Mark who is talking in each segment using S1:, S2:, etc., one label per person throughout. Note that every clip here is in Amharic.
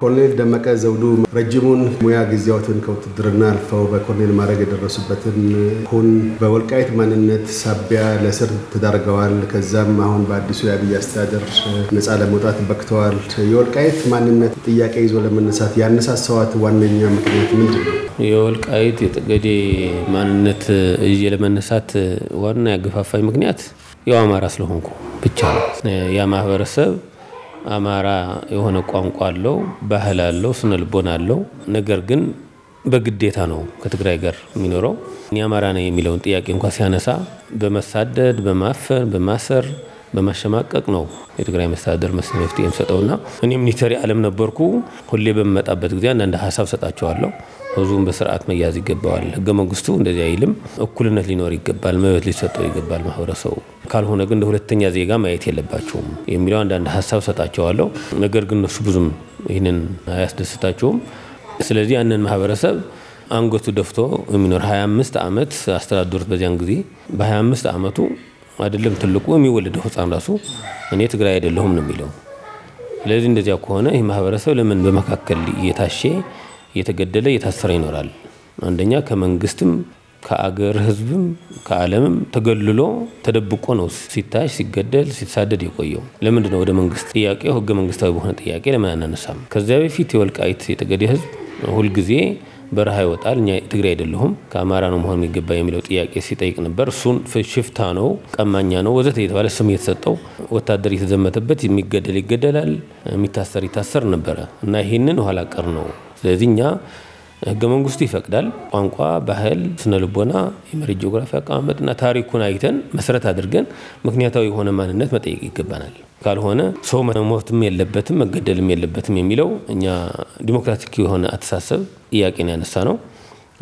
S1: ኮሎኔል ደመቀ ዘውዱ ረጅሙን ሙያ ጊዜያትን ከውትድርና አልፈው በኮሎኔል ማድረግ የደረሱበትን ሁን በወልቃይት ማንነት ሳቢያ ለስር ተዳርገዋል። ከዛም አሁን በአዲሱ የአብይ አስተዳደር ነፃ ለመውጣት በክተዋል። የወልቃይት ማንነት ጥያቄ ይዞ ለመነሳት ያነሳሰዋት ዋነኛ ምክንያት ምንድን ነው?
S2: የወልቃይት የጠገዴ ማንነት እዬ ለመነሳት ዋና ያገፋፋኝ ምክንያት ያው አማራ ስለሆንኩ ብቻ ነው። ያ ማህበረሰብ አማራ የሆነ ቋንቋ አለው፣ ባህል አለው፣ ስነልቦና አለው። ነገር ግን በግዴታ ነው ከትግራይ ጋር የሚኖረው። እኔ አማራ ነኝ የሚለውን ጥያቄ እንኳ ሲያነሳ በመሳደድ በማፈን በማሰር በማሸማቀቅ ነው የትግራይ መስተዳደር መስል መፍትሄ የምሰጠውና እኔም ኒተሪ አለም ነበርኩ። ሁሌ በምመጣበት ጊዜ አንዳንድ ሀሳብ ሰጣቸዋለሁ። ህዝቡን በስርዓት መያዝ ይገባዋል። ህገ መንግስቱ እንደዚህ አይልም። እኩልነት ሊኖር ይገባል። መብት ሊሰጠው ይገባል ማህበረሰቡ። ካልሆነ ግን እንደ ሁለተኛ ዜጋ ማየት የለባቸውም የሚለው አንዳንድ ሀሳብ ሰጣቸዋለሁ። ነገር ግን እነሱ ብዙም ይህንን አያስደስታቸውም። ስለዚህ ያንን ማህበረሰብ አንገቱ ደፍቶ የሚኖር 25 ዓመት አስተዳደሩት። በዚያን ጊዜ በ25 ዓመቱ አይደለም ትልቁ የሚወለደው ህፃን ራሱ እኔ ትግራይ አይደለሁም ነው የሚለው። ስለዚህ እንደዚያ ከሆነ ይህ ማህበረሰብ ለምን በመካከል እየታሸ እየተገደለ እየታሰረ ይኖራል? አንደኛ ከመንግስትም ከአገር ህዝብም ከዓለምም ተገልሎ ተደብቆ ነው ሲታሽ ሲገደል ሲሳደድ የቆየው። ለምንድ ነው ወደ መንግስት ጥያቄ ህገ መንግስታዊ በሆነ ጥያቄ ለምን አናነሳም? ከዚያ በፊት የወልቃይት የጠገዴ ህዝብ ሁልጊዜ በረሃ ይወጣል። እኛ ትግራይ አይደለሁም ከአማራ ነው መሆን የሚገባ የሚለው ጥያቄ ሲጠይቅ ነበር። እሱን ሽፍታ ነው፣ ቀማኛ ነው፣ ወዘተ የተባለ ስም የተሰጠው ወታደር የተዘመተበት የሚገደል ይገደላል፣ የሚታሰር ይታሰር ነበረ እና ይህንን ኋላ ቀር ነው። ስለዚህ እኛ ህገ መንግስቱ ይፈቅዳል። ቋንቋ፣ ባህል፣ ስነ ልቦና፣ የመሬት ጂኦግራፊ አቀማመጥና ታሪኩን አይተን መሰረት አድርገን ምክንያታዊ የሆነ ማንነት መጠየቅ ይገባናል። ካልሆነ ሰው መሞትም የለበትም መገደልም የለበትም የሚለው እኛ ዲሞክራቲክ የሆነ አተሳሰብ ጥያቄን ያነሳ ነው።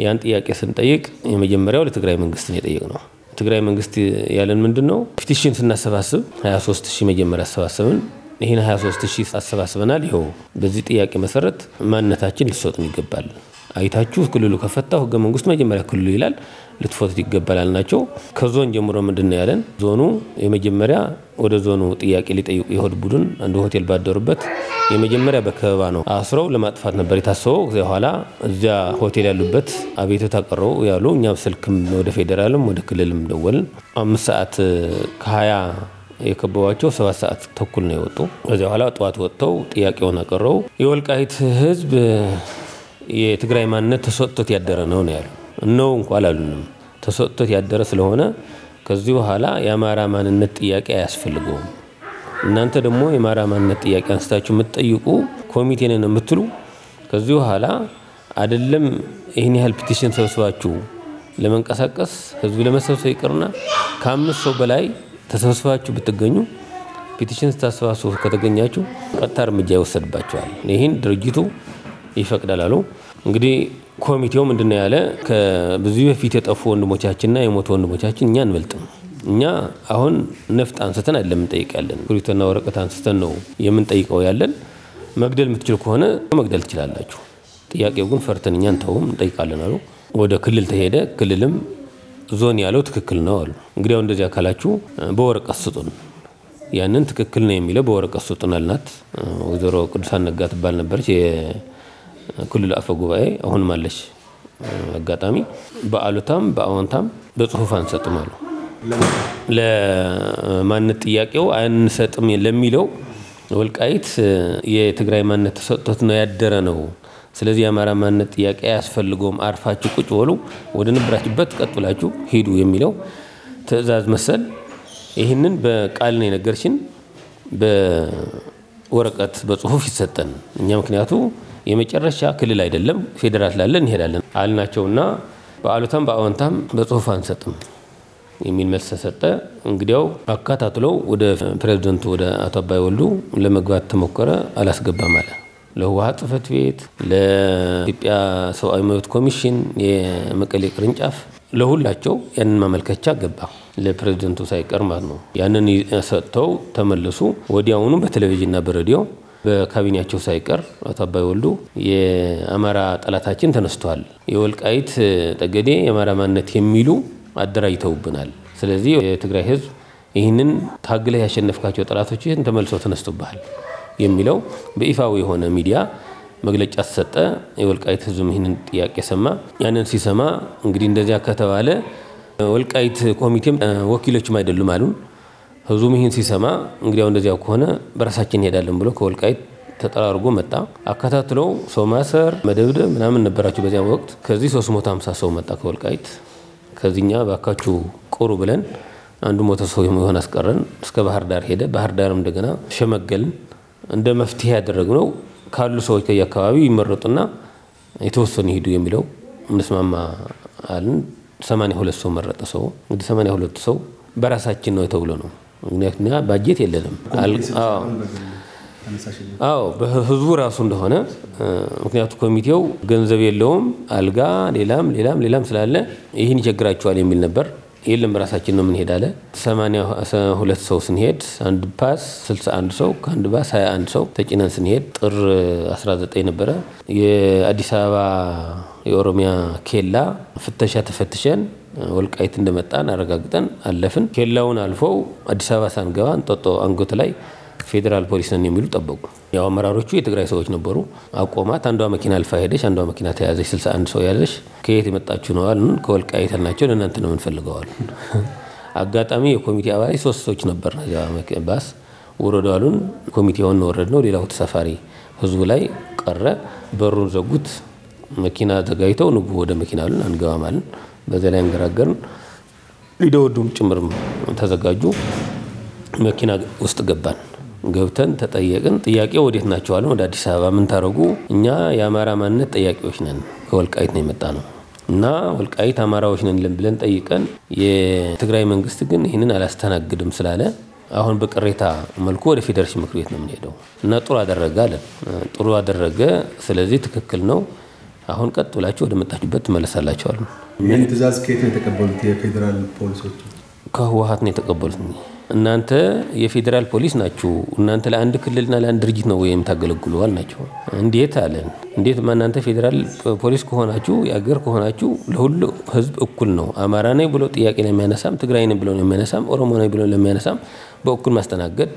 S2: ያን ጥያቄ ስንጠይቅ የመጀመሪያው ለትግራይ መንግስት ነው ነው። ትግራይ መንግስት ያለን ምንድን ነው? ፒቲሽን ስናሰባስብ 23 ሺህ መጀመሪያ አሰባሰብን ይህን 23 ሺህ አሰባስበናል። ይኸው በዚህ ጥያቄ መሰረት ማንነታችን ሊሰጡን ይገባል። አይታችሁ ክልሉ ከፈታው ህገ መንግስቱ መጀመሪያ ክልሉ ይላል ልትፈቱት ይገባላል ናቸው። ከዞን ጀምሮ ምንድን ነው ያለን? ዞኑ የመጀመሪያ ወደ ዞኑ ጥያቄ ሊጠይቁ የሆድ ቡድን አንድ ሆቴል ባደሩበት የመጀመሪያ በከበባ ነው አስረው ለማጥፋት ነበር የታሰበው። ከዚያ በኋላ እዚያ ሆቴል ያሉበት አቤቱታ ቀረቡ ያሉ እኛም ስልክም ወደ ፌዴራልም ወደ ክልልም ደወልን። አምስት ሰዓት ከሀያ የከበቧቸው ሰባት ሰዓት ተኩል ነው የወጡ። ከዚያ በኋላ ጠዋት ወጥተው ጥያቄውን አቀረቡ። የወልቃይት ህዝብ የትግራይ ማንነት ተሰጥቶት ያደረ ነው ነው ያሉ እነው እንኳ አላሉንም። ተሰጥቶት ያደረ ስለሆነ ከዚህ በኋላ የአማራ ማንነት ጥያቄ አያስፈልገውም። እናንተ ደግሞ የአማራ ማንነት ጥያቄ አንስታችሁ የምትጠይቁ ኮሚቴን የምትሉ ከዚህ በኋላ አይደለም ይህን ያህል ፒቲሽን ሰብስባችሁ ለመንቀሳቀስ ህዝብ ለመሰብሰብ ይቅርና ከአምስት ሰው በላይ ተሰብስባችሁ ብትገኙ ፒቲሽን ስታሰባስቡ ከተገኛችሁ ቀጥታ እርምጃ ይወሰድባቸዋል። ይህን ድርጅቱ ይፈቅዳል አሉ። እንግዲህ ኮሚቴው ምንድነው ያለ ከብዙ በፊት የጠፉ ወንድሞቻችንና የሞቱ ወንድሞቻችን እኛ አንበልጥም። እኛ አሁን ነፍጥ አንስተን አይደለም እንጠይቃለን፣ ኩሪቶና ወረቀት አንስተን ነው የምንጠይቀው ያለን። መግደል የምትችል ከሆነ መግደል ትችላላችሁ፣ ጥያቄው ግን ፈርተን እኛ እንተውም እንጠይቃለን አሉ። ወደ ክልል ተሄደ። ክልልም ዞን ያለው ትክክል ነው አሉ። እንግዲያው እንደዚህ አካላችሁ በወረቀት ስጡን፣ ያንን ትክክል ነው የሚለው በወረቀት ስጡን አልናት። ወይዘሮ ቅዱሳን ነጋ ትባል ነበረች ክልሉ አፈ ጉባኤ አሁንም አለች አጋጣሚ በአሉታም በአዎንታም በጽሁፍ አንሰጥም አሉ። ለማንነት ጥያቄው አንሰጥም ለሚለው ወልቃይት የትግራይ ማንነት ተሰጥቶት ነው ያደረ ነው። ስለዚህ የአማራ ማንነት ጥያቄ አያስፈልገውም፣ አርፋችሁ ቁጭ በሉ፣ ወደ ንብራችሁበት ቀጥ ሂዱ የሚለው ትዕዛዝ መሰል ይህንን በቃል ነው የነገርችን። በወረቀት በጽሁፍ ይሰጠን እኛ ምክንያቱ የመጨረሻ ክልል አይደለም ፌዴራል ላለን እንሄዳለን አልናቸውና በአሉታም በአዎንታም በጽሁፍ አንሰጥም የሚል መልስ ተሰጠ። እንግዲያው አካታትለው ወደ ፕሬዚደንቱ ወደ አቶ አባይ ወልዱ ለመግባት ተሞከረ። አላስገባም አለ። ለህወሀት ጽህፈት ቤት፣ ለኢትዮጵያ ሰብአዊ መብት ኮሚሽን የመቀሌ ቅርንጫፍ፣ ለሁላቸው ያንን ማመልከቻ ገባ። ለፕሬዚደንቱ ሳይቀር ማለት ነው። ያንን ሰጥተው ተመለሱ። ወዲያውኑ በቴሌቪዥንና በሬዲዮ በካቢኔያቸው ሳይቀር አቶ አባይ ወልዱ የአማራ ጠላታችን ተነስቷል፣ የወልቃይት ጠገዴ የአማራ ማንነት የሚሉ አደራጅተውብናል። ስለዚህ የትግራይ ህዝብ ይህንን ታግለህ ያሸነፍካቸው ጠላቶችን ተመልሶ ተነስቶብሃል የሚለው በይፋዊ የሆነ ሚዲያ መግለጫ ተሰጠ። የወልቃይት ህዝብም ይህንን ጥያቄ ሰማ። ያንን ሲሰማ እንግዲህ እንደዚያ ከተባለ ወልቃይት ኮሚቴም ወኪሎችም አይደሉም አሉን። ህዝቡም ይህን ሲሰማ እንግዲያው እንደዚያ ከሆነ በራሳችን እንሄዳለን ብሎ ከወልቃይት ተጠራርጎ መጣ። አከታትለው ሰው ማሰር፣ መደብደብ ምናምን ነበራቸው በዚያ ወቅት። ከዚህ 350 ሰው መጣ ከወልቃይት። ከዚኛ ባካችሁ ቁሩ ብለን አንዱ ሞተ ሰው የሆን አስቀረን። እስከ ባህር ዳር ሄደ። ባህር ዳርም እንደገና ሸመገልን። እንደ መፍትሄ ያደረግነው ካሉ ሰዎች ከየአካባቢው ይመረጡና የተወሰኑ ይሄዱ የሚለው እንስማማ አልን። 82 ሰው መረጠ። ሰው እንግዲህ 82 ሰው በራሳችን ነው የተብሎ ነው ምክንያት ባጀት የለንም። አዎ በህዝቡ ራሱ እንደሆነ ምክንያቱ ኮሚቴው ገንዘብ የለውም አልጋ፣ ሌላም ሌላም ሌላም ስላለ ይህን ይቸግራቸዋል የሚል ነበር። የለም ራሳችን ነው የምንሄድ አለ። ሁለት ሰው ስንሄድ አንድ ባስ 61 ሰው ከአንድ ባስ 21 ሰው ተጭነን ስንሄድ ጥር 19 ነበረ። የአዲስ አበባ የኦሮሚያ ኬላ ፍተሻ ተፈትሸን ወልቃይት እንደመጣን አረጋግጠን አለፍን። ኬላውን አልፈው አዲስ አበባ ሳንገባ እንጦጦ አንጎት ላይ ፌዴራል ፖሊስ ነን የሚሉ ጠበቁ። ያው አመራሮቹ የትግራይ ሰዎች ነበሩ። አቆማት። አንዷ መኪና አልፋ ሄደች፣ አንዷ መኪና ተያዘች። 61 ሰው ያዘች። ከየት የመጣችሁ ነው አሉን። ከወልቃይት ናቸው። ለእናንተ ነው የምንፈልገው አጋጣሚ የኮሚቴ አባላት ሶስት ሰዎች ነበር ባስ ውረዱ አሉን። ኮሚቴውን ወረድ ነው። ሌላው ተሳፋሪ ህዝቡ ላይ ቀረ። በሩን ዘጉት። መኪና ዘጋጅተው ንጉ ወደ መኪና አሉን። አንገባም አልን። በዚያ ላይ አንገራገርን። ሊደወዱም ጭምርም ተዘጋጁ። መኪና ውስጥ ገባን። ገብተን ተጠየቅን። ጥያቄ ወዴት ናቸው አለን። ወደ አዲስ አበባ ምን ታደረጉ? እኛ የአማራ ማንነት ጠያቂዎች ነን፣ ከወልቃይት ነው የመጣ ነው እና ወልቃይት አማራዎች ነን ብለን ጠይቀን የትግራይ መንግስት ግን ይህንን አላስተናግድም ስላለ አሁን በቅሬታ መልኩ ወደ ፌዴሬሽን ምክር ቤት ነው የምንሄደው እና ጥሩ አደረገ አለን። ጥሩ አደረገ። ስለዚህ ትክክል ነው። አሁን ቀጥ ብላችሁ ወደ መጣችሁበት
S1: ትመለሳላችኋል። ይህን ትእዛዝ ከየት ነው የተቀበሉት? የፌዴራል ፖሊሶች ከህወሀት ነው የተቀበሉት።
S2: እናንተ የፌዴራል ፖሊስ ናችሁ፣ እናንተ ለአንድ ክልልና ለአንድ ድርጅት ነው የምታገለግሉ አልናቸው። እንዴት አለን? እንዴት እናንተ ፌዴራል ፖሊስ ከሆናችሁ የአገር ከሆናችሁ ለሁሉ ህዝብ እኩል ነው። አማራ ነኝ ብሎ ጥያቄ ለሚያነሳም፣ ትግራይ ነኝ ብሎ ለሚያነሳም፣ ኦሮሞ ነኝ ብሎ ለሚያነሳም በእኩል ማስተናገድ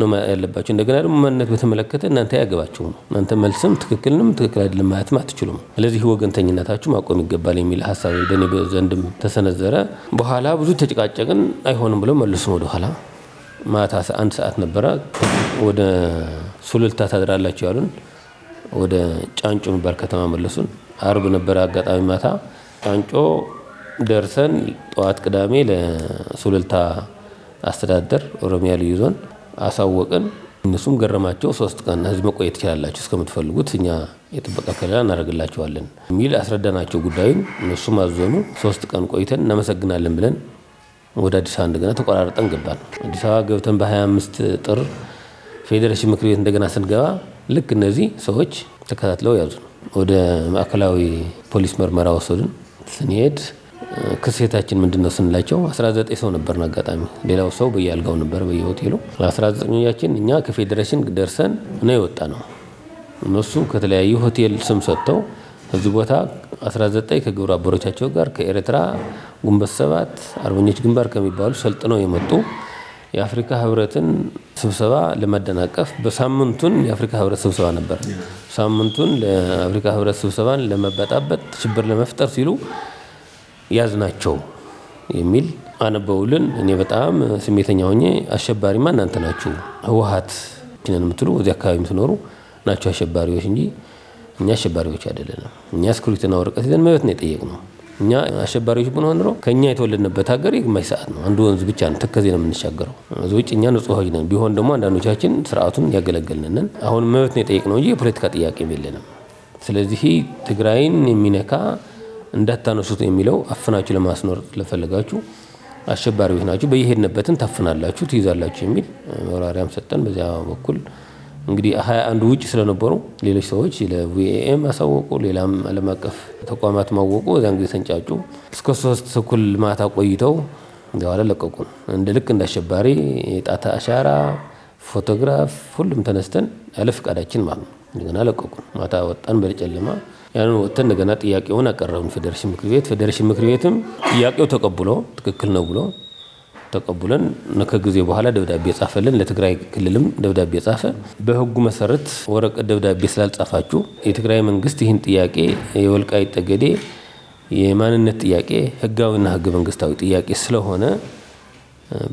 S2: ነው ያለባቸው። እንደገና ደግሞ ማንነት በተመለከተ እናንተ ያገባችሁ ነው። እናንተ መልስም ትክክልንም ትክክል አይደለም ማለትም አትችሉም። ስለዚህ ወገንተኝነታችሁ ማቆም ይገባል የሚል ሀሳብ በእኔ ዘንድም ተሰነዘረ። በኋላ ብዙ ተጨቃጨቅን። አይሆንም ብለው መልሱም ወደኋላ ማታ አንድ ሰዓት ነበረ። ወደ ሱሉልታ ታድራላችሁ ያሉን ወደ ጫንጮ የሚባል ከተማ መለሱን። አርብ ነበረ አጋጣሚ ማታ ጫንጮ ደርሰን ጠዋት ቅዳሜ ለሱሉልታ አስተዳደር ኦሮሚያ ልዩ ዞን አሳወቅን። እነሱም ገረማቸው። ሶስት ቀን ህዝብ መቆየት ትችላላችሁ እስከምትፈልጉት እኛ የጥበቃ ከለላ እናደርግላቸዋለን የሚል አስረዳናቸው ጉዳዩን። እነሱም አዘኑ። ሶስት ቀን ቆይተን እናመሰግናለን ብለን ወደ አዲስ አበባ እንደገና ተቆራርጠን ገባን። አዲስ አበባ ገብተን በ25 ጥር ፌዴሬሽን ምክር ቤት እንደገና ስንገባ ልክ እነዚህ ሰዎች ተከታትለው ያዙ። ወደ ማዕከላዊ ፖሊስ ምርመራ ወሰዱን ስንሄድ ክሴታችን ምንድን ነው ስንላቸው 19 ሰው ነበር አጋጣሚ ሌላው ሰው በየአልጋው ነበር በየሆቴሉ 19ኛችን እኛ ከፌዴሬሽን ደርሰን ነው የወጣ ነው። እነሱ ከተለያዩ ሆቴል ስም ሰጥተው እዚህ ቦታ 19 ከግብረ አበሮቻቸው ጋር ከኤርትራ ግንቦት ሰባት አርበኞች ግንባር ከሚባሉ ሰልጥነው የመጡ የአፍሪካ ህብረትን ስብሰባ ለመደናቀፍ በሳምንቱን የአፍሪካ ህብረት ስብሰባ ነበር። ሳምንቱን ለአፍሪካ ህብረት ስብሰባን ለመበጣበጥ ሽብር ለመፍጠር ሲሉ ያዝናቸው የሚል አነበውልን። እኔ በጣም ስሜተኛ ሆኜ አሸባሪማ እናንተ ናችሁ ህወሀት ነን የምትሉ እዚህ አካባቢ የምትኖሩ ናቸው አሸባሪዎች እንጂ እኛ አሸባሪዎች አይደለንም። እኛ እስክሪብቶና ወረቀት ይዘን መብት ነው የጠየቅነው። እኛ አሸባሪዎች ብንሆን ኖሮ ከእኛ የተወለድንበት ሀገር የግማሽ ሰዓት ነው። አንዱ ወንዝ ብቻ ነው፣ ተከዜ ነው የምንሻገረው። እዚ ውጭ እኛ ንጹሆች ነን። ቢሆን ደግሞ አንዳንዶቻችን ስርዓቱን ያገለገልንነን። አሁን መብት ነው የጠየቅነው እንጂ የፖለቲካ ጥያቄም የለንም። ስለዚህ ትግራይን የሚነካ እንዳታነሱት የሚለው አፍናችሁ ለማስኖር ስለፈለጋችሁ አሸባሪዎች ናችሁ፣ በየሄድንበትን ታፍናላችሁ፣ ትይዛላችሁ የሚል መብራሪያም ሰጠን። በዚያ በኩል እንግዲህ ሀያ አንዱ ውጭ ስለነበሩ ሌሎች ሰዎች ለቪኤኤም አሳወቁ፣ ሌላም ዓለም አቀፍ ተቋማት ማወቁ። በዚያን ጊዜ ተንጫጩ። እስከ ሶስት ተኩል ማታ ቆይተው በኋላ ለቀቁን። እንደ ልክ እንደ አሸባሪ የጣት አሻራ፣ ፎቶግራፍ ሁሉም ተነስተን ያለ ፍቃዳችን ማለት ነው። እንደገና ለቀቁን። ማታ ወጣን በጨለማ ያንን ወጥተን እንደገና ጥያቄውን አቀረብን ፌዴሬሽን ምክር ቤት። ፌዴሬሽን ምክር ቤትም ጥያቄው ተቀብሎ ትክክል ነው ብሎ ተቀብለን ከጊዜ በኋላ ደብዳቤ ጻፈልን። ለትግራይ ክልልም ደብዳቤ ጻፈ። በህጉ መሰረት ወረቀት ደብዳቤ ስላልጻፋችሁ የትግራይ መንግስት ይህን ጥያቄ የወልቃይት ጠገዴ የማንነት ጥያቄ ህጋዊና ህገ መንግስታዊ ጥያቄ ስለሆነ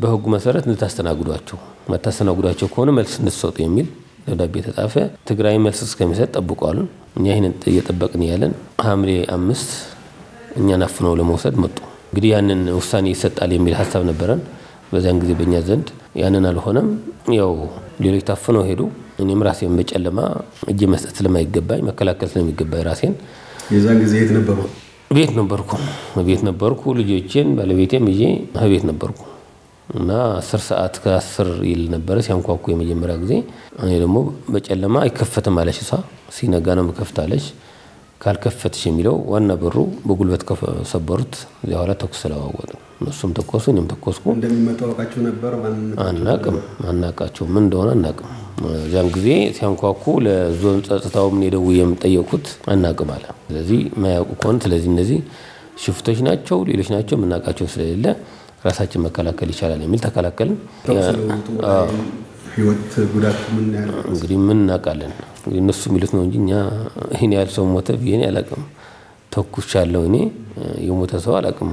S2: በህጉ መሰረት እንድታስተናግዷቸው ማታስተናግዷቸው ከሆነ መልስ እንድትሰጡ የሚል ደብዳቤ የተጻፈ ትግራይ መልስ እስከሚሰጥ ጠብቋሉ። እኛ ይህን እየጠበቅን ያለን ሐምሌ አምስት እኛን አፍነው ለመውሰድ መጡ። እንግዲህ ያንን ውሳኔ ይሰጣል የሚል ሀሳብ ነበረን በዚያን ጊዜ በእኛ ዘንድ ያንን አልሆነም። ያው ሌሎች ታፍነው ሄዱ። እኔም ራሴን በጨለማ እጅ መስጠት ስለማይገባኝ መከላከል ስለሚገባኝ ራሴን የዛን ጊዜ የት ነበሩ? ቤት ነበርኩ። ቤት ነበርኩ። ልጆቼን ባለቤቴም ይዤ ቤት ነበርኩ። እና አስር ሰዓት ከአስር ይል ነበረ ሲያንኳኩ የመጀመሪያ ጊዜ። እኔ ደግሞ በጨለማ አይከፈትም አለች እሷ። ሲነጋ ነው አለች። ካልከፈትሽ የሚለው ዋና በሩ በጉልበት ሰበሩት። ኋላ ተኩስ ስለዋወጡ እነሱም ተኮሱ፣ እኔም ተኮስኩ። አናቅም፣ አናቃቸው ምን እንደሆነ አናቅም። እዚያን ጊዜ ሲያንኳኩ ለዞን ጸጥታው ምን ሄደው የምጠየቁት አናቅም አለ። ስለዚህ ማያውቁ ከሆነ ስለዚህ እነዚህ ሽፍቶች ናቸው ሌሎች ናቸው የምናውቃቸው ስለሌለ ራሳችን መከላከል ይቻላል የሚል ተከላከልን። ህይወት ጉዳት ምን ያህል እንግዲህ ምን እናውቃለን? እንግዲህ እነሱ የሚሉት ነው እንጂ እኛ ይህን ያህል ሰው ሞተ ብዬን አላውቅም። ተኩሻለሁ እኔ የሞተ ሰው አላውቅም።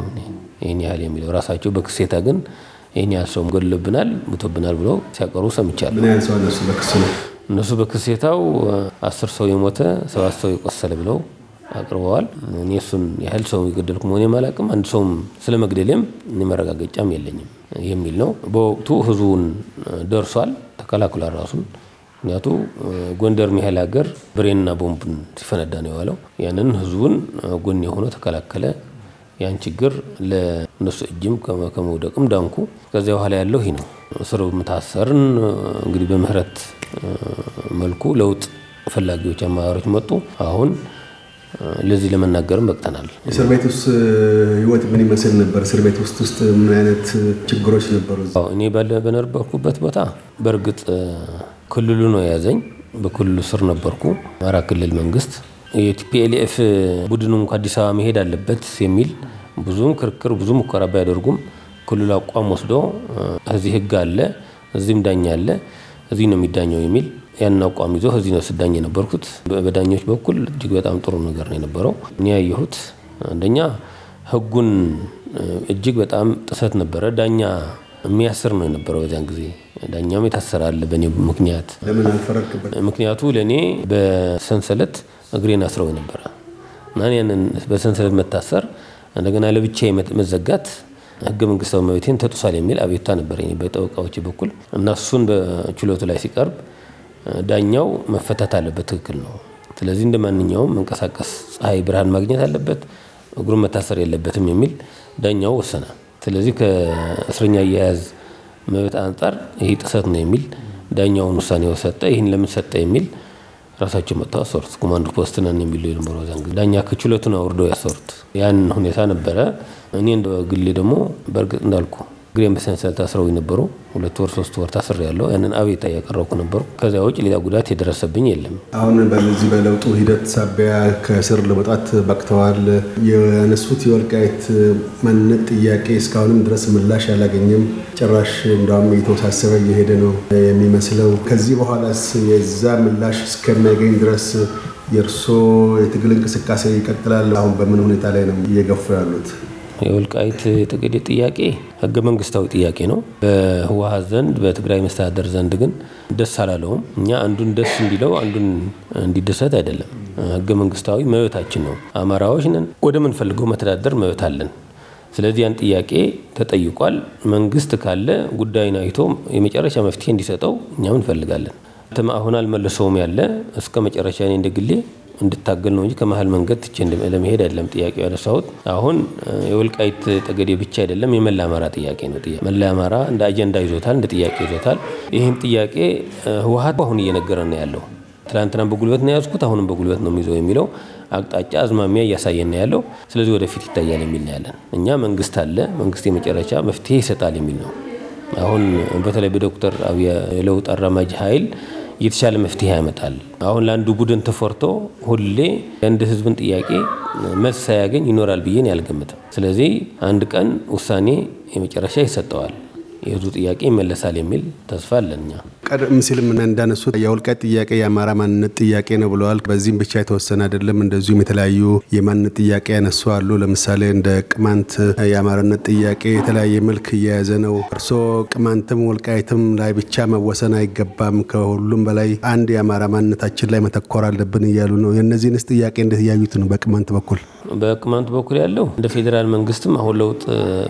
S2: ይህን ያህል የሚለው ራሳቸው በክሴታ ግን ይህን ያህል ሰው ገድሎብናል፣ ሙቶብናል ብለው ሲያቀሩ ሰምቻለሁ። እነሱ በክሴታው አስር ሰው የሞተ ሰባት ሰው የቆሰለ ብለው አቅርበዋል። እኔ እሱን ያህል ሰው የገደልኩ መሆኔም አላውቅም። አንድ ሰውም ስለ መግደሌም እኔ መረጋገጫም የለኝም የሚል ነው። በወቅቱ ህዝቡን ደርሷል፣ ተከላክሏል ራሱን። ምክንያቱ ጎንደር ሚያህል ሀገር ብሬንና ቦምብን ሲፈነዳ ነው የዋለው። ያንን ህዝቡን ጎን የሆነ ተከላከለ። ያን ችግር ለነሱ እጅም ከመውደቅም ዳንኩ። ከዚያ በኋላ ያለው ይህ ነው። እስር ምታሰርን እንግዲህ በምህረት መልኩ ለውጥ ፈላጊዎች አመራሮች መጡ። አሁን ለዚህ ለመናገርም በቅተናል።
S1: እስር ቤት ውስጥ ህይወት ምን ይመስል ነበር? እስር ቤት ውስጥ ውስጥ ምን አይነት ችግሮች ነበሩ?
S2: እኔ በነበርኩበት ቦታ በእርግጥ ክልሉ ነው የያዘኝ። በክልሉ ስር ነበርኩ። አማራ ክልል መንግስት የቲፒኤልኤፍ ቡድኑ ከአዲስ አበባ መሄድ አለበት የሚል ብዙም ክርክር ብዙ ሙከራ ባያደርጉም ክልሉ አቋም ወስዶ እዚህ ህግ አለ፣ እዚህም ዳኛ አለ፣ እዚህ ነው የሚዳኘው የሚል ያን አቋም ይዞ እዚህ ነው ስዳኝ የነበርኩት። በዳኞች በኩል እጅግ በጣም ጥሩ ነገር ነው የነበረው። እኔ ያየሁት አንደኛ ህጉን እጅግ በጣም ጥሰት ነበረ። ዳኛ የሚያስር ነው የነበረው በዚያን ጊዜ። ዳኛም የታሰራል በእኔ ምክንያት። ምክንያቱ ለእኔ በሰንሰለት እግሬን አስረው ነበረ እና ያንን በሰንሰለት መታሰር እንደገና ለብቻ መዘጋት ህገ መንግስታዊ መብቴን ተጥሷል የሚል አቤቱታ ነበረ በጠበቃዎች በኩል እና እሱን በችሎቱ ላይ ሲቀርብ ዳኛው መፈታት አለበት። ትክክል ነው። ስለዚህ እንደ ማንኛውም መንቀሳቀስ ፀሐይ ብርሃን ማግኘት አለበት። እግሩን መታሰር የለበትም የሚል ዳኛው ወሰነ። ስለዚህ ከእስረኛ አያያዝ መብት አንፃር ይሄ ጥሰት ነው የሚል ዳኛውን ውሳኔ ሰጠ። ይህን ለምን ሰጠ የሚል ራሳቸው መጥተው አሰሩት። ኮማንድ ፖስት ነን የሚሉ የነበረው ጊዜ ዳኛ ከችሎቱን አውርደው ያሰሩት ያን ሁኔታ ነበረ። እኔ እንደ ግሌ ደግሞ በእርግጥ እንዳልኩ እግሬን በሰንሰል ታስረው ነበሩ። ሁለት ወር ሶስት ወር ታስር ያለው ያንን አቤታ እያቀረብኩ ነበሩ። ከዚያ ውጭ ሌላ ጉዳት የደረሰብኝ
S1: የለም። አሁን በዚህ በለውጡ ሂደት ሳቢያ ከስር ለመውጣት በቅተዋል። የነሱት የወልቃይት ማንነት ጥያቄ እስካሁንም ድረስ ምላሽ አላገኘም። ጭራሽ እንዳውም እየተወሳሰበ እየሄደ ነው የሚመስለው። ከዚህ በኋላስ የዛ ምላሽ እስከሚያገኝ ድረስ የእርሶ የትግል እንቅስቃሴ ይቀጥላል? አሁን በምን ሁኔታ ላይ ነው እየገፉ ያሉት?
S2: የወልቃይት ጠገዴ ጥያቄ ህገ መንግስታዊ ጥያቄ ነው። በህወሀት ዘንድ በትግራይ መስተዳደር ዘንድ ግን ደስ አላለውም። እኛ አንዱን ደስ እንዲለው አንዱን እንዲደሰት አይደለም። ህገ መንግስታዊ መብታችን ነው። አማራዎች ነን። ወደምንፈልገው መተዳደር መብት አለን። ስለዚህ ያን ጥያቄ ተጠይቋል። መንግስት ካለ ጉዳይን አይቶ የመጨረሻ መፍትሄ እንዲሰጠው እኛም እንፈልጋለን። አሁን አልመለሰውም ያለ እስከ መጨረሻ እኔ እንደግሌ እንድታገል ነው እንጂ ከመሀል መንገድ ትቼ ለመሄድ አይደለም ጥያቄ ያነሳሁት። አሁን የወልቃይት ጠገዴ ብቻ አይደለም የመላ አማራ ጥያቄ ነው። መላ አማራ እንደ አጀንዳ ይዞታል፣ እንደ ጥያቄ ይዞታል። ይህም ጥያቄ ህወሀት አሁን እየነገረ ነው ያለው። ትላንትና በጉልበት ነው የያዝኩት፣ አሁንም በጉልበት ነው የሚይዘው የሚለው አቅጣጫ አዝማሚያ እያሳየን ነው ያለው። ስለዚህ ወደፊት ይታያል የሚል ነው ያለን እኛ። መንግስት አለ መንግስት የመጨረሻ መፍትሄ ይሰጣል የሚል ነው። አሁን በተለይ በዶክተር አብይ ለውጥ አራማጅ ኃይል የተሻለ መፍትሄ ያመጣል። አሁን ለአንዱ ቡድን ተፎርቶ ሁሌ የአንድ ህዝብን ጥያቄ መልስ ሳያገኝ ይኖራል ብዬን ያልገምትም። ስለዚህ አንድ ቀን ውሳኔ የመጨረሻ ይሰጠዋል፣ የህዝቡ
S1: ጥያቄ ይመለሳል የሚል ተስፋ አለን እኛ። ቀደም ሲልም እንዳነሱት የውልቃይት ጥያቄ የአማራ ማንነት ጥያቄ ነው ብለዋል። በዚህም ብቻ የተወሰነ አይደለም። እንደዚሁም የተለያዩ የማንነት ጥያቄ ያነሱ አሉ። ለምሳሌ እንደ ቅማንት የአማራነት ጥያቄ የተለያየ መልክ እየያዘ ነው። እርሶ ቅማንትም ወልቃይትም ላይ ብቻ መወሰን አይገባም፣ ከሁሉም በላይ አንድ የአማራ ማንነታችን ላይ መተኮር አለብን እያሉ ነው። የእነዚህንስ ጥያቄ እንዴት እያዩት ነው? በቅማንት በኩል
S2: በቅማንት በኩል ያለው እንደ ፌዴራል መንግስትም አሁን ለውጥ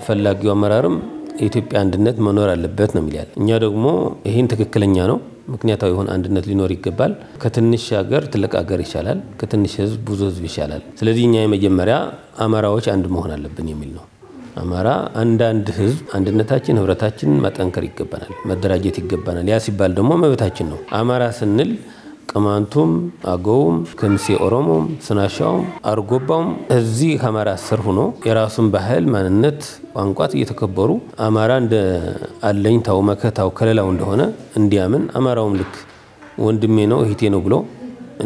S2: ፈላጊው አመራርም የኢትዮጵያ አንድነት መኖር አለበት ነው የሚል ያለ። እኛ ደግሞ ይህን ትክክለኛ ነው ምክንያታዊ የሆነ አንድነት ሊኖር ይገባል። ከትንሽ ሀገር ትልቅ ሀገር ይሻላል፣ ከትንሽ ህዝብ ብዙ ህዝብ ይሻላል። ስለዚህ እኛ የመጀመሪያ አማራዎች አንድ መሆን አለብን የሚል ነው። አማራ አንዳንድ ህዝብ አንድነታችን፣ ህብረታችን ማጠንከር ይገባናል፣ መደራጀት ይገባናል። ያ ሲባል ደግሞ መብታችን ነው። አማራ ስንል ቅማንቱም፣ አገውም፣ ክምሴ ኦሮሞም፣ ስናሻውም፣ አርጎባውም እዚህ አማራ ስር ሆኖ የራሱን ባህል ማንነት ቋንቋት እየተከበሩ አማራ እንደ አለኝታው መከታው ከለላው እንደሆነ እንዲያምን አማራውም ልክ ወንድሜ ነው እህቴ ነው ብሎ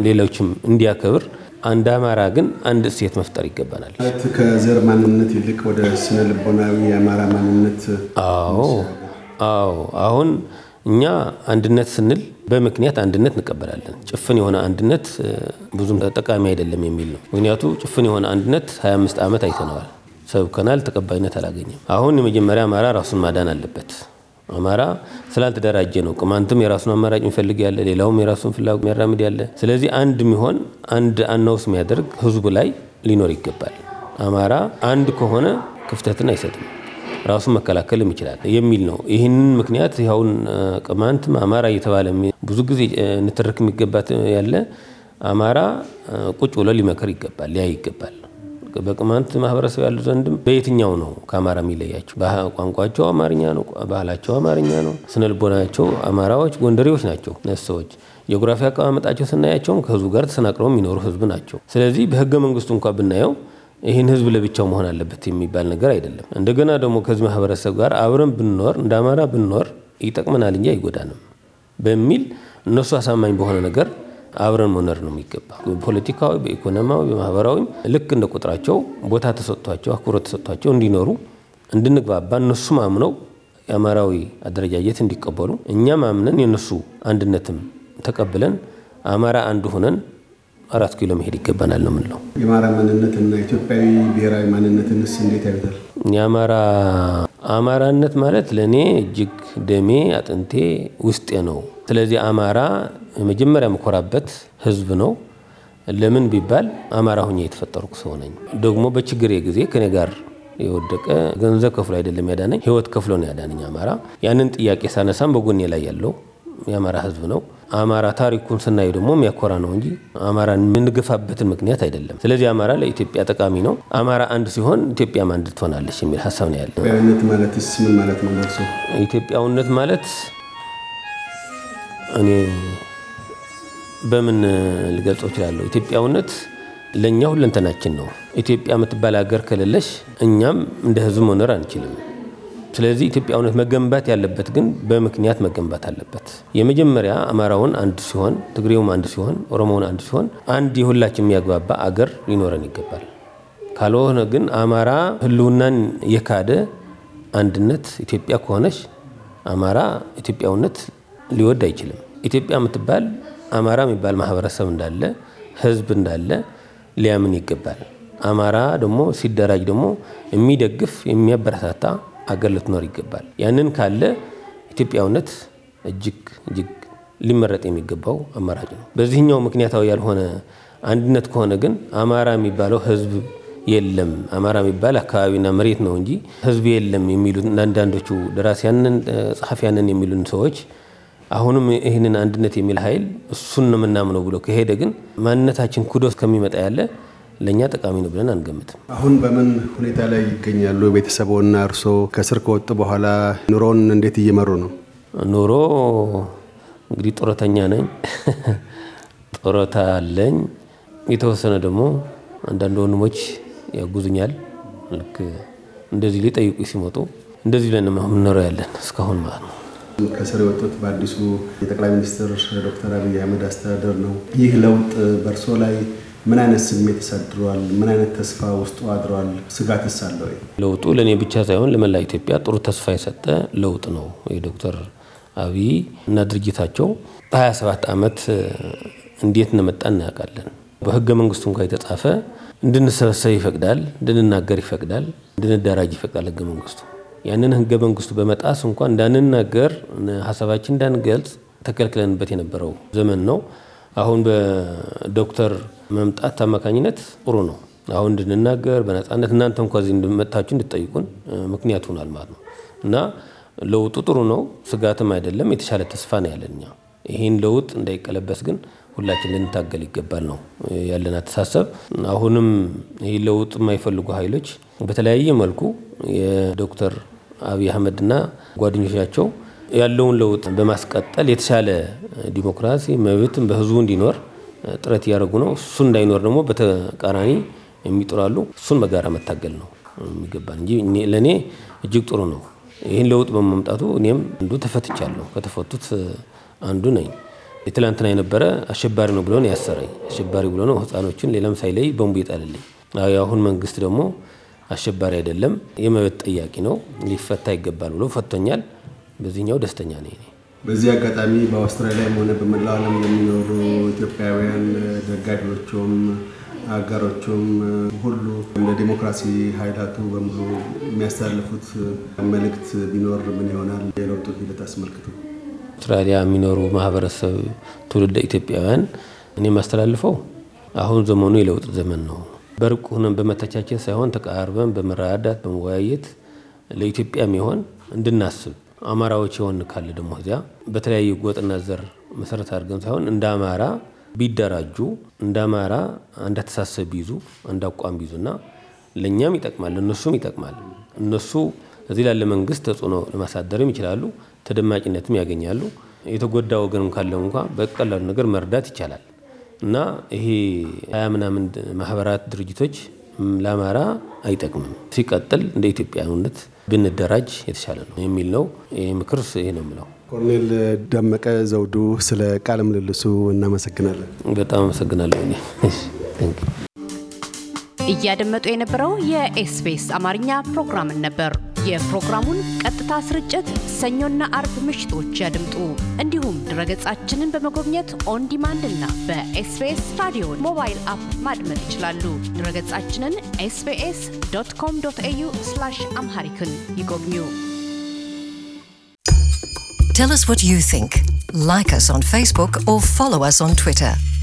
S2: ሌሎችም እንዲያከብር አንድ አማራ ግን አንድ እሴት መፍጠር ይገባናል።
S1: ከዘር ማንነት ይልቅ ወደ ስነ ልቦናዊ የአማራ ማንነት አዎ
S2: አዎ አሁን እኛ አንድነት ስንል በምክንያት አንድነት እንቀበላለን። ጭፍን የሆነ አንድነት ብዙም ተጠቃሚ አይደለም የሚል ነው። ምክንያቱ ጭፍን የሆነ አንድነት 25 ዓመት አይተነዋል፣ ሰብከናል፣ ተቀባይነት አላገኘም። አሁን የመጀመሪያ አማራ ራሱን ማዳን አለበት። አማራ ስላልተደራጀ ነው። ቅማንትም የራሱን አማራጭ የሚፈልግ ያለ፣ ሌላውም የራሱን ፍላጎት የሚያራምድ ያለ። ስለዚህ አንድ የሚሆን አንድ አናውስ የሚያደርግ ህዝቡ ላይ ሊኖር ይገባል። አማራ አንድ ከሆነ ክፍተትን አይሰጥም። ራሱን መከላከልም ይችላል የሚል ነው። ይህንን ምክንያት ይኸውን ቅማንትም አማራ እየተባለ ብዙ ጊዜ ንትርክ የሚገባት ያለ አማራ ቁጭ ብሎ ሊመክር ይገባል፣ ሊያይ ይገባል። በቅማንት ማህበረሰብ ያሉ ዘንድም በየትኛው ነው ከአማራ የሚለያቸው? ቋንቋቸው አማርኛ ነው፣ ባህላቸው አማርኛ ነው፣ ስነልቦናቸው አማራዎች ጎንደሬዎች ናቸው። ሰዎች ጂኦግራፊ አቀማመጣቸው ስናያቸውም ከህዝቡ ጋር ተሰናቅለው የሚኖሩ ህዝብ ናቸው። ስለዚህ በህገ መንግስቱ እንኳ ብናየው ይህን ህዝብ ለብቻው መሆን አለበት የሚባል ነገር አይደለም። እንደገና ደግሞ ከዚህ ማህበረሰብ ጋር አብረን ብንኖር እንደ አማራ ብንኖር ይጠቅመናል እንጂ አይጎዳንም በሚል እነሱ አሳማኝ በሆነ ነገር አብረን መኖር ነው የሚገባ። በፖለቲካዊ በኢኮኖሚያዊ፣ በማህበራዊም ልክ እንደ ቁጥራቸው ቦታ ተሰጥቷቸው አክብሮት ተሰጥቷቸው እንዲኖሩ እንድንግባባ እነሱ አምነው የአማራዊ አደረጃጀት እንዲቀበሉ እኛም አምነን የእነሱ አንድነትም ተቀብለን አማራ አንድ ሆነን አራት ኪሎ መሄድ ይገባናል ነው ምንለው።
S1: የአማራ ማንነትና ኢትዮጵያዊ ብሔራዊ ማንነትንስ እንዴት ያዩታል?
S2: የአማራ አማራነት ማለት ለእኔ እጅግ ደሜ፣ አጥንቴ፣ ውስጤ ነው። ስለዚህ አማራ መጀመሪያ የምኮራበት ህዝብ ነው። ለምን ቢባል አማራ ሁኜ የተፈጠርኩ ሰው ነኝ። ደግሞ በችግሬ ጊዜ ከኔ ጋር የወደቀ ገንዘብ ከፍሎ አይደለም ያዳነኝ፣ ህይወት ከፍሎ ነው ያዳነኝ አማራ። ያንን ጥያቄ ሳነሳም በጎኔ ላይ ያለው የአማራ ህዝብ ነው። አማራ ታሪኩን ስናየው ደግሞ የሚያኮራ ነው እንጂ አማራ የምንገፋበትን ምክንያት አይደለም። ስለዚህ አማራ ለኢትዮጵያ ጠቃሚ ነው። አማራ አንድ ሲሆን ኢትዮጵያም አንድ ትሆናለች የሚል ሀሳብ ነው ያለ። ኢትዮጵያዊነት ማለት ኢትዮጵያዊነት እኔ በምን ልገልጸው እችላለሁ? ኢትዮጵያዊነት ለእኛ ሁለንተናችን ነው። ኢትዮጵያ የምትባል ሀገር ከሌለሽ እኛም እንደ ህዝብ መኖር አንችልም። ስለዚህ ኢትዮጵያ መገንባት ያለበት ግን በምክንያት መገንባት አለበት። የመጀመሪያ አማራውን አንድ ሲሆን፣ ትግሬውም አንድ ሲሆን፣ ኦሮሞውን አንድ ሲሆን፣ አንድ የሁላችን የሚያግባባ አገር ሊኖረን ይገባል። ካልሆነ ግን አማራ ህልውናን የካደ አንድነት ኢትዮጵያ ከሆነች አማራ ኢትዮጵያውነት ሊወድ አይችልም። ኢትዮጵያ የምትባል አማራ የሚባል ማህበረሰብ እንዳለ ህዝብ እንዳለ ሊያምን ይገባል። አማራ ደግሞ ሲደራጅ ደግሞ የሚደግፍ የሚያበረታታ አገር ልትኖር ይገባል። ያንን ካለ ኢትዮጵያዊነት እጅግ እጅግ ሊመረጥ የሚገባው አማራጭ ነው። በዚህኛው ምክንያታዊ ያልሆነ አንድነት ከሆነ ግን አማራ የሚባለው ህዝብ የለም አማራ የሚባል አካባቢና መሬት ነው እንጂ ህዝብ የለም የሚሉ አንዳንዶቹ ደራሲያንን ጸሐፊያንን የሚሉን ሰዎች አሁንም ይህንን አንድነት የሚል ኃይል እሱን ነው የምናምነው ብሎ ከሄደ ግን ማንነታችን ኩዶ እስከሚመጣ ያለ ለእኛ ጠቃሚ ነው ብለን አንገምትም።
S1: አሁን በምን ሁኔታ ላይ ይገኛሉ? ቤተሰቦና እርሶ ከስር ከወጡ በኋላ ኑሮን እንዴት እየመሩ ነው? ኑሮ እንግዲህ ጡረተኛ ነኝ፣
S2: ጡረታ አለኝ። የተወሰነ ደግሞ አንዳንድ ወንድሞች ያጉዙኛል። ልክ እንደዚህ ሊጠይቁ ሲመጡ እንደዚህ ብለን የምንኖረው ያለን እስካሁን ማለት ነው።
S1: ከስር የወጡት በአዲሱ የጠቅላይ ሚኒስትር ዶክተር አብይ አህመድ አስተዳደር ነው። ይህ ለውጥ በእርሶ ላይ ምን አይነት ስሜት ይሰድሯል? ምን አይነት ተስፋ ውስጡ አድሯል? ስጋትስ አለ ወይ?
S2: ለውጡ ለእኔ ብቻ ሳይሆን ለመላ ኢትዮጵያ ጥሩ ተስፋ የሰጠ ለውጥ ነው። የዶክተር አብይ እና ድርጅታቸው በ27 ዓመት እንዴት እንደመጣ እናያውቃለን። በህገ መንግስቱ እንኳ የተጻፈ እንድንሰበሰብ ይፈቅዳል፣ እንድንናገር ይፈቅዳል፣ እንድንደራጅ ይፈቅዳል ህገ መንግስቱ። ያንን ህገ መንግስቱ በመጣስ እንኳ እንዳንናገር፣ ሀሳባችን እንዳንገልጽ ተከልክለንበት የነበረው ዘመን ነው። አሁን በዶክተር መምጣት አማካኝነት ጥሩ ነው። አሁን እንድንናገር በነፃነት እናንተ እንኳ እዚህ እንድመጣችሁ እንድጠይቁን ምክንያት ሆናል ማለት ነው እና ለውጡ ጥሩ ነው፣ ስጋትም አይደለም። የተሻለ ተስፋ ነው ያለን እኛ። ይህን ለውጥ እንዳይቀለበስ ግን ሁላችን ልንታገል ይገባል ነው ያለን አተሳሰብ። አሁንም ይህ ለውጥ የማይፈልጉ ኃይሎች በተለያየ መልኩ የዶክተር አብይ አህመድና ጓደኞቻቸው ያለውን ለውጥ በማስቀጠል የተሻለ ዲሞክራሲ መብትን በህዝቡ እንዲኖር ጥረት እያደረጉ ነው። እሱን እንዳይኖር ደግሞ በተቃራኒ የሚጥራሉ። እሱን በጋራ መታገል ነው የሚገባን እንጂ ለእኔ እጅግ ጥሩ ነው። ይህን ለውጥ በማምጣቱ እኔም አንዱ ተፈትቻለሁ። ከተፈቱት አንዱ ነኝ። የትላንትና የነበረ አሸባሪ ነው ብሎን ያሰረኝ። አሸባሪ ብሎ ነው ህፃኖችን ሌላም ሳይለይ በንቡ የጣልልኝ። የአሁን መንግስት ደግሞ አሸባሪ አይደለም፣ የመብት ጠያቂ ነው፣ ሊፈታ ይገባል ብሎ ፈቶኛል። በዚህኛው ደስተኛ ነኝ።
S1: በዚህ አጋጣሚ በአውስትራሊያም ሆነ በመላው ዓለም የሚኖሩ ኢትዮጵያውያን ደጋፊዎቹም አጋሮቹም ሁሉ እንደ ዲሞክራሲ ኃይላቱ በሙሉ የሚያስተላልፉት መልእክት ቢኖር ምን ይሆናል? የለውጡ ሂደት አስመልክቶ
S2: አውስትራሊያ የሚኖሩ ማህበረሰብ ትውልደ ኢትዮጵያውያን እኔ የማስተላልፈው አሁን ዘመኑ የለውጥ ዘመን ነው። በርቅ ሆነን በመተቻቸት ሳይሆን ተቃርበን በመረዳዳት በመወያየት ለኢትዮጵያ የሚሆን እንድናስብ አማራዎች የሆን ካለ ደግሞ እዚያ በተለያዩ ጎጥና ዘር መሰረት አድርገን ሳይሆን እንደ አማራ ቢደራጁ እንደ አማራ አንድ አተሳሰብ ቢይዙ እንደ አቋም ቢይዙና ለእኛም ይጠቅማል፣ ለእነሱም ይጠቅማል። እነሱ እዚህ ላለ መንግስት ተጽዕኖ ለማሳደርም ይችላሉ፣ ተደማጭነትም ያገኛሉ። የተጎዳ ወገንም ካለው እንኳ በቀላሉ ነገር መርዳት ይቻላል እና ይሄ ሀያ ምናምን ማህበራት ድርጅቶች ለአማራ አይጠቅምም። ሲቀጥል እንደ ኢትዮጵያዊነት ብንደራጅ የተሻለ ነው የሚል ነው። ይህ ምክር
S1: ይሄ ነው የምለው። ኮሎኔል ደመቀ ዘውዱ ስለ ቃለ ምልልሱ እናመሰግናለን።
S2: በጣም አመሰግናለሁ።
S1: እያደመጡ የነበረው የኤስቢኤስ አማርኛ ፕሮግራምን ነበር። የፕሮግራሙን ቀጥታ ስርጭት ሰኞና አርብ ምሽቶች ያድምጡ። እንዲሁም ድረገጻችንን በመጎብኘት ኦን ዲማንድ እና በኤስቢኤስ ራዲዮ ሞባይል አፕ ማድመጥ ይችላሉ። ድረገጻችንን ኤስቢኤስ ዶት ኮም ዶት ኤዩ አምሃሪክን ይጎብኙ።
S2: ቴል አስ ዋት ዩ ቲንክ ላይክ አስ ኦን ፌስቡክ ኦር ፎሎው አስ ኦን ትዊተር